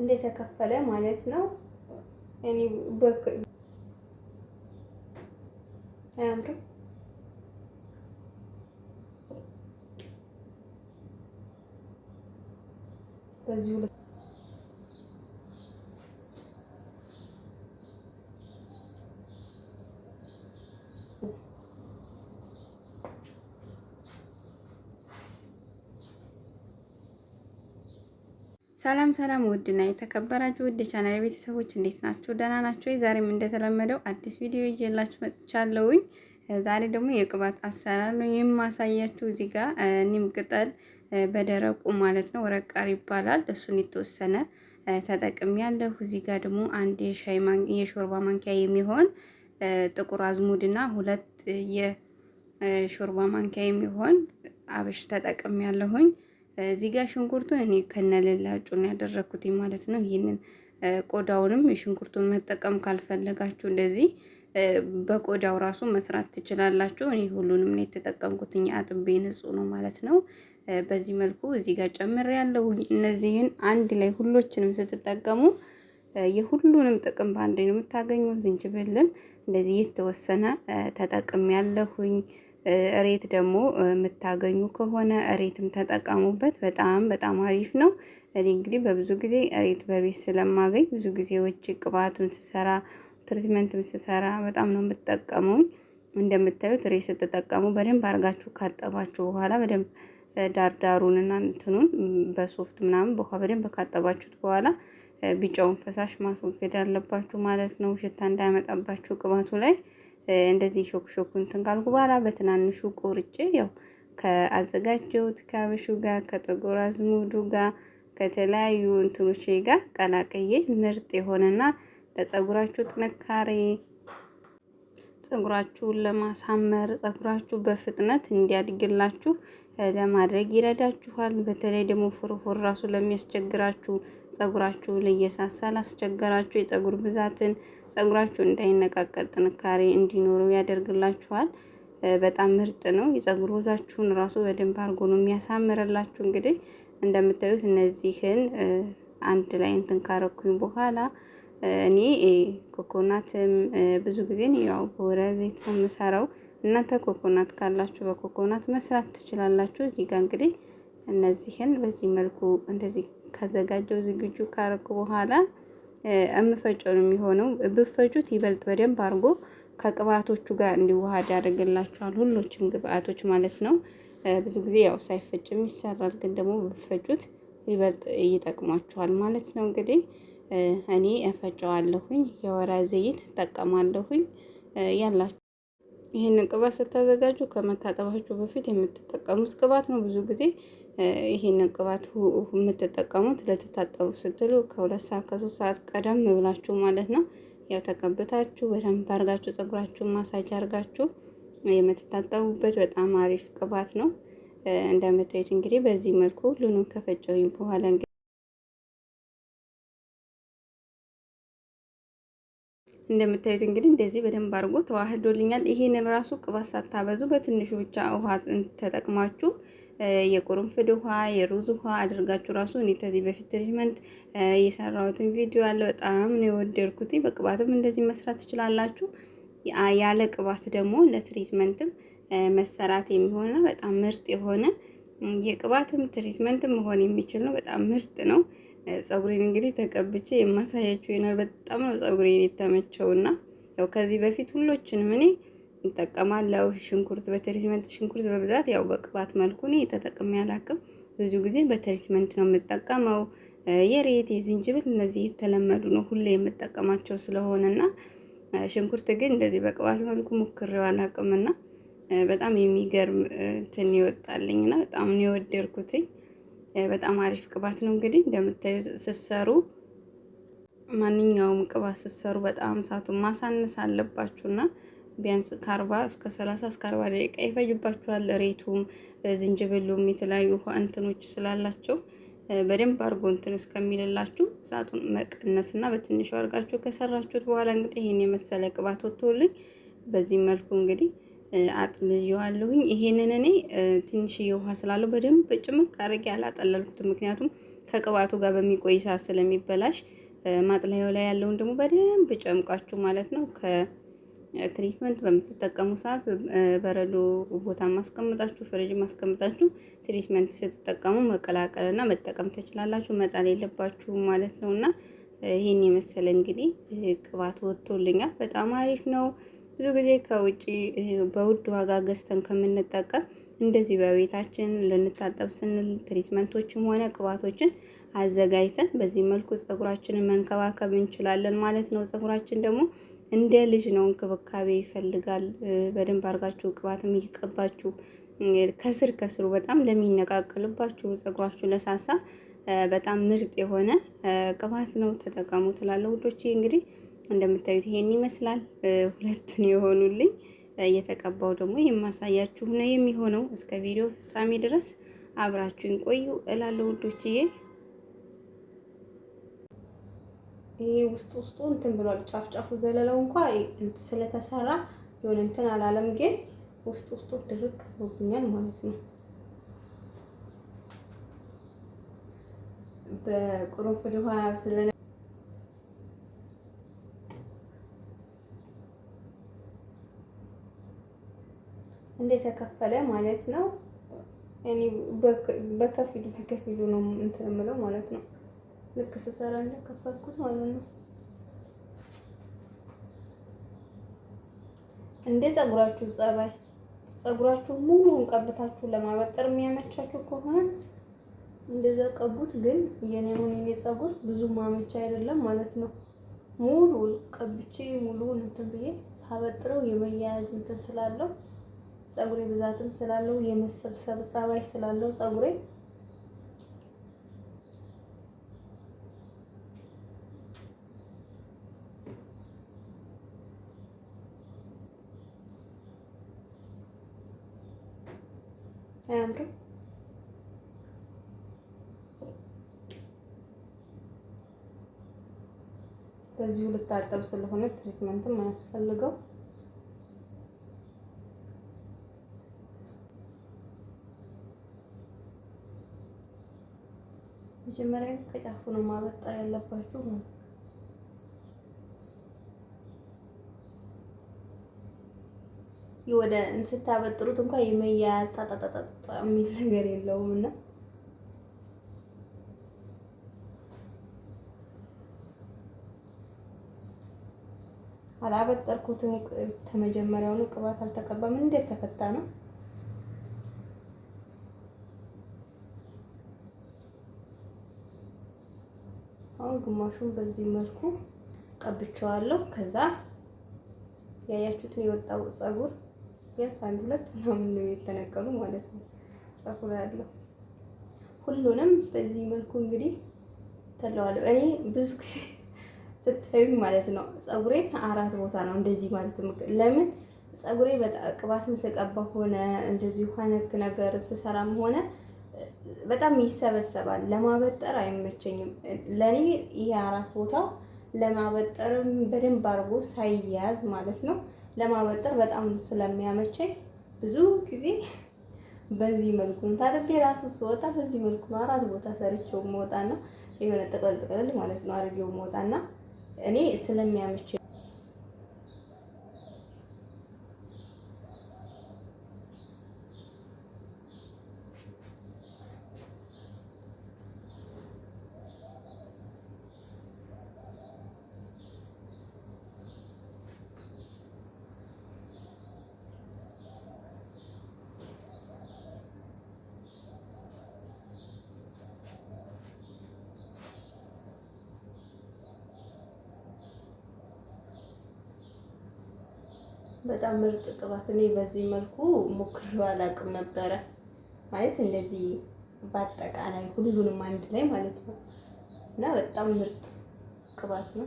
እንደተከፈለ ማለት ነው። እኔ በቅ አያምርም። ሰላም ሰላም ውድና የተከበራችሁ ውድ ቻናል ቤተሰቦች እንዴት ናችሁ? ደህና ናችሁ? ዛሬም እንደተለመደው አዲስ ቪዲዮ ይዤላችሁ መጥቻለሁኝ። ዛሬ ደግሞ የቅባት አሰራር ነው የማሳያችሁ። እዚህ ጋር ኒም ቅጠል በደረቁ ማለት ነው ረቃር ይባላል። እሱን የተወሰነ ተጠቅሚ ያለሁ። እዚህ ጋር ደግሞ አንድ የሾርባ ማንኪያ የሚሆን ጥቁር አዝሙድና ሁለት የሾርባ ማንኪያ የሚሆን አብሽ ተጠቅሚ ያለሁኝ። እዚህ ጋር ሽንኩርቱን እኔ ከነለላጩ ነው ያደረኩት ማለት ነው። ይህንን ቆዳውንም ሽንኩርቱን መጠቀም ካልፈለጋችሁ እንደዚህ በቆዳው ራሱ መስራት ትችላላችሁ። እኔ ሁሉንም ነው የተጠቀምኩት። አጥቤ ንጹህ ነው ማለት ነው። በዚህ መልኩ እዚህ ጋር ያለው እነዚህን አንድ ላይ ሁሎችንም ስትጠቀሙ የሁሉንም ጥቅም በአንድ ነው የምታገኙ። ዝንጅብልም እንደዚህ የተወሰነ ያለሁኝ። ሬት ደግሞ የምታገኙ ከሆነ እሬትም ተጠቀሙበት። በጣም በጣም አሪፍ ነው። እኔ እንግዲህ በብዙ ጊዜ ሬት በቤት ስለማገኝ ብዙ ጊዜ ውጭ ቅባትም ስሰራ ትሪትመንትም ስሰራ በጣም ነው የምጠቀመው። እንደምታዩት ሬት ስትጠቀሙ በደንብ አርጋችሁ ካጠባችሁ በኋላ በደንብ ዳርዳሩንና እንትኑን በሶፍት ምናምን በውሃ በደንብ ካጠባችሁት በኋላ ቢጫውን ፈሳሽ ማስወገድ አለባችሁ ማለት ነው፣ ሽታ እንዳያመጣባችሁ ቅባቱ ላይ እንደዚህ ሾክ ሾክ እንትን ካልኩ በኋላ በትናንሹ ቆርጬ ያው ከአዘጋጀሁት ከአብሹ ጋር ከጥቁር አዝሙዱ ጋር ከተለያዩ እንትኖቼ ጋር ቀላቅዬ ምርጥ የሆነና ለጸጉራችሁ ጥንካሬ ፀጉራችሁን ለማሳመር ፀጉራችሁ በፍጥነት እንዲያድግላችሁ ለማድረግ ይረዳችኋል። በተለይ ደግሞ ፎርፎር ራሱ ለሚያስቸግራችሁ ጸጉራችሁ ለየሳሳ ላስቸገራችሁ የፀጉር ብዛትን ጸጉራችሁ እንዳይነቃቀል ጥንካሬ እንዲኖረው ያደርግላችኋል። በጣም ምርጥ ነው። የጸጉር ወዛችሁን ራሱ በደንብ አርጎ ነው የሚያሳምርላችሁ። እንግዲህ እንደምታዩት እነዚህን አንድ ላይ እንትን ካረኩኝ በኋላ እኔ ኮኮናትም ብዙ ጊዜ ያው በወረ ዘይት ነው የምሰራው። እናንተ ኮኮናት ካላችሁ በኮኮናት መስራት ትችላላችሁ። እዚህ ጋር እንግዲህ እነዚህን በዚህ መልኩ እንደዚህ ካዘጋጀው ዝግጁ ካረኩ በኋላ የምፈጨው ነው የሚሆነው። ብፈጩት ይበልጥ በደንብ አድርጎ ከቅባቶቹ ጋር እንዲዋሃድ ያደርግላችኋል። ሁሎችም ግብአቶች ማለት ነው። ብዙ ጊዜ ያው ሳይፈጭም ይሰራል፣ ግን ደግሞ ብፈጩት ይበልጥ ይጠቅማችኋል ማለት ነው። እንግዲህ እኔ እፈጨዋለሁኝ፣ የወራ ዘይት እጠቀማለሁኝ። ያላችሁ ይህንን ቅባት ስታዘጋጁ ከመታጠባችሁ በፊት የምትጠቀሙት ቅባት ነው። ብዙ ጊዜ ይህንን ቅባት የምትጠቀሙት ለተታጠቡ ስትሉ ከሁለት ሰዓት ከሶስት ሰዓት ቀደም ብላችሁ ማለት ነው። ያው ተቀብታችሁ በደንብ አርጋችሁ ጸጉራችሁን ማሳጅ አርጋችሁ የምትታጠቡበት በጣም አሪፍ ቅባት ነው። እንደምታዩት እንግዲህ በዚህ መልኩ ሁሉንም ከፈጨሁኝ በኋላ እንደምታዩት እንግዲህ እንደዚህ በደንብ አድርጎ ተዋህዶልኛል። ይሄንን ራሱ ቅባት ሳታበዙ በትንሹ ብቻ ውሃ ተጠቅማችሁ የቁርንፍድ ውሃ፣ የሩዝ ውሃ አድርጋችሁ ራሱ እኔ ከዚህ በፊት ትሪትመንት የሰራሁትን ቪዲዮ አለ። በጣም ነው የወደድኩት። በቅባትም እንደዚህ መስራት ትችላላችሁ። ያለ ቅባት ደግሞ ለትሪትመንትም መሰራት የሚሆን ነው። በጣም ምርጥ የሆነ የቅባትም ትሪትመንት መሆን የሚችል ነው። በጣም ምርጥ ነው። ፀጉሬን እንግዲህ ተቀብቼ የማሳያችሁ ይሆናል። በጣም ነው ፀጉሬን የተመቸውና ያው ከዚህ በፊት ሁሎችንም እኔ እንጠቀማለሁ። ሽንኩርት በትሪትመንት ሽንኩርት በብዛት ያው በቅባት መልኩ እኔ ተጠቅሜ አላውቅም። ብዙ ጊዜ በትሪትመንት ነው የምጠቀመው። የሬት፣ የዝንጅብል እነዚህ የተለመዱ ነው ሁሌ የምጠቀማቸው ስለሆነና ሽንኩርት ግን እንደዚህ በቅባት መልኩ ሞክሬው አላውቅምና በጣም የሚገርም እንትን ይወጣልኝ እና በጣም ነው የወደድኩትኝ። በጣም አሪፍ ቅባት ነው። እንግዲህ እንደምታዩ ስሰሩ ማንኛውም ቅባት ስሰሩ በጣም እሳቱን ማሳነስ አለባችሁና ቢያንስ ከአርባ እስከ ሰላሳ እስከ አርባ ደቂቃ ይፈጅባችኋል። ሬቱም ዝንጅብሉም የተለያዩ እንትኖች ስላላቸው በደንብ አርጎ እንትን እስከሚልላችሁ እሳቱን መቀነስ እና በትንሹ አርጋችሁ ከሰራችሁት በኋላ እንግዲህ ይህን የመሰለ ቅባት ወጥቶልኝ በዚህ መልኩ እንግዲህ አጥምዤዋለሁኝ። ይሄንን እኔ ትንሽዬ ውሃ ስላለው በደንብ ጭምቅ አድርጌ አላጠለልኩትም፣ ምክንያቱም ከቅባቱ ጋር በሚቆይ ሰዓት ስለሚበላሽ ማጥለያው ላይ ያለውን ደግሞ በደንብ ጨምቃችሁ ማለት ነው። ከትሪትመንት በምትጠቀሙ ሰዓት በረዶ ቦታ ማስቀምጣችሁ፣ ፍሪጅ ማስቀምጣችሁ ትሪትመንት ስትጠቀሙ መቀላቀልና መጠቀም ትችላላችሁ። መጣል የለባችሁ ማለት ነው እና ይህን የመሰለ እንግዲህ ቅባት ወጥቶልኛል። በጣም አሪፍ ነው። ብዙ ጊዜ ከውጭ በውድ ዋጋ ገዝተን ከምንጠቀም እንደዚህ በቤታችን ልንታጠብ ስንል ትሪትመንቶችም ሆነ ቅባቶችን አዘጋጅተን በዚህ መልኩ ፀጉራችንን መንከባከብ እንችላለን ማለት ነው። ፀጉራችን ደግሞ እንደ ልጅ ነው፣ እንክብካቤ ይፈልጋል። በደንብ አድርጋችሁ ቅባትም እየቀባችሁ ከስር ከስሩ በጣም ለሚነቃቅልባችሁ ጸጉራችሁ ለሳሳ በጣም ምርጥ የሆነ ቅባት ነው፣ ተጠቀሙ ትላለ ውዶች እንግዲህ እንደምታዩት ይሄን ይመስላል። ሁለትን የሆኑልኝ እየተቀባው ደግሞ የማሳያችሁ ነው የሚሆነው። እስከ ቪዲዮ ፍጻሜ ድረስ አብራችሁኝ ቆዩ እላለሁ ውዶችዬ። ይሄ ውስጥ ውስጡ እንትን ብሏል። ጫፍ ጫፉ ዘለለው እንኳ ስለተሰራ የሆነ እንትን አላለም፣ ግን ውስጥ ውስጡ ድርቅ ብሎብኛል ማለት ነው። በቁርንፍድ ውሃ ስለ እንደተከፈለ ማለት ነው። በከፊሉ በከፊሉ ነው እንትን የምለው ማለት ነው። ልክ ስሰራ እንደከፈልኩት ማለት ነው። እንደ ጸጉራችሁ ጸባይ ጸጉራችሁ ሙሉን ቀብታችሁ ለማበጠር የሚያመቻችሁ ከሆነ እንደዛ ቀቡት። ግን የኔ ሁን የኔ ጸጉር ብዙ ማመቻ አይደለም ማለት ነው። ሙሉ ቀብቼ ሙሉውን እንትን ብዬ ሳበጥረው የመያያዝ እንትን ስላለው ፀጉሬ ብዛትም ስላለው የመሰብሰብ ጸባይ ስላለው ፀጉሬ አያምርም? በዚሁ ልታጠብ ስለሆነ ትሪትመንትም አያስፈልገው። መጀመሪያ ከጫፉ ነው ማበጠር ያለባችሁ ነው። ወደ ስታበጥሩት እንኳን የመያያዝ ታጣጣጣ የሚል ነገር የለውም እና አላበጠርኩትም። ተመጀመሪያውኑ ቅባት አልተቀባም። እንዴት ተፈታ ነው አሁን ግማሹን በዚህ መልኩ ቀብቼዋለሁ። ከዛ ያያችሁትን የወጣው ፀጉር ቢያንስ አንድ ሁለት ምናምን ነው የተነቀሉ ማለት ነው ፀጉር ያለው ሁሉንም በዚህ መልኩ እንግዲህ ተለዋለሁ። እኔ ብዙ ጊዜ ስታዩኝ ማለት ነው ፀጉሬን አራት ቦታ ነው እንደዚህ ማለት ነው። ለምን ፀጉሬ በጣም ቅባትን ስቀባ ሆነ እንደዚህ ውሃ ነክ ነገር ስሰራም ሆነ በጣም ይሰበሰባል። ለማበጠር አይመቸኝም። ለእኔ ይሄ አራት ቦታው ለማበጠርም በደንብ አድርጎ ሳይያዝ ማለት ነው ለማበጠር በጣም ስለሚያመቸኝ ብዙ ጊዜ በዚህ መልኩ ነው ታጥቤ ራሱ ስወጣ በዚህ መልኩ ነው አራት ቦታ ሰርቼው መውጣና የሆነ ጥቅልል ጥቅልል ማለት ነው አድርጌው መውጣና እኔ ስለሚያመቸኝ በጣም ምርጥ ቅባት። እኔ በዚህ መልኩ ሞክሬው አላውቅም ነበረ። ማለት እንደዚህ በአጠቃላይ ሁሉንም አንድ ላይ ማለት ነው እና በጣም ምርጥ ቅባት ነው።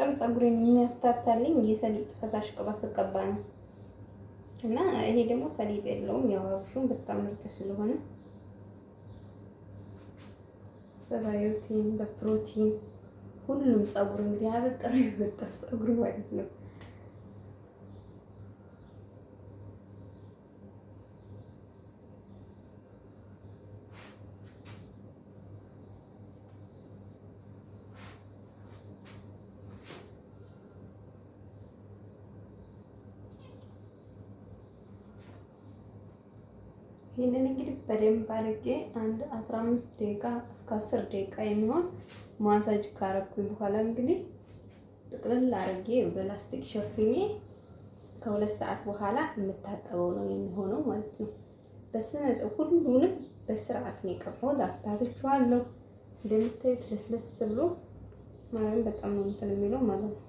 ሲፈጠሩ ፀጉሬን የሚያፍታታልኝ የሰሊጥ ፈሳሽ ቅባት ስቀባ ነው። እና ይሄ ደግሞ ሰሊጥ የለውም። ያው አብሹም በጣም ምርጥ ስለሆነ በባዮቲን በፕሮቲን ሁሉም ፀጉር እንግዲህ አበጠረ የመጣ ፀጉር ማለት ነው። ይህንን እንግዲህ በደንብ አድርጌ አንድ 15 ደቂቃ እስከ አስር ደቂቃ የሚሆን ማሳጅ ካረኩኝ በኋላ እንግዲህ ጥቅልል አድርጌ በላስቲክ ሸፍኜ ከሁለት ሰዓት በኋላ የምታጠበው ነው የሚሆነው ማለት ነው። በስነ ሁሉንም በስርዓት ነው የቀባሁት። አፍታቶቹ እንደምታዩት ልስልስ ብሎ ማለት በጣም ነው እንትን የሚለው ማለት ነው።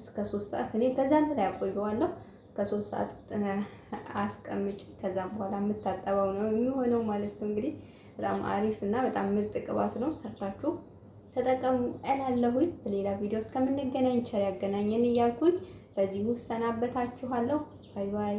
እስከ ሶስት ሰዓት እኔ ከዛም ላይ አቆየዋለሁ። እስከ ሶስት ሰዓት አስቀምጭ። ከዛም በኋላ የምታጠበው ነው የሚሆነው ማለት ነው። እንግዲህ በጣም አሪፍ እና በጣም ምርጥ ቅባት ነው። ሰርታችሁ ተጠቀሙ እላለሁኝ። በሌላ ቪዲዮ እስከምንገናኝ ቸር ያገናኘን እያልኩኝ በዚሁ እሰናበታችኋለሁ። ባይ ባይ።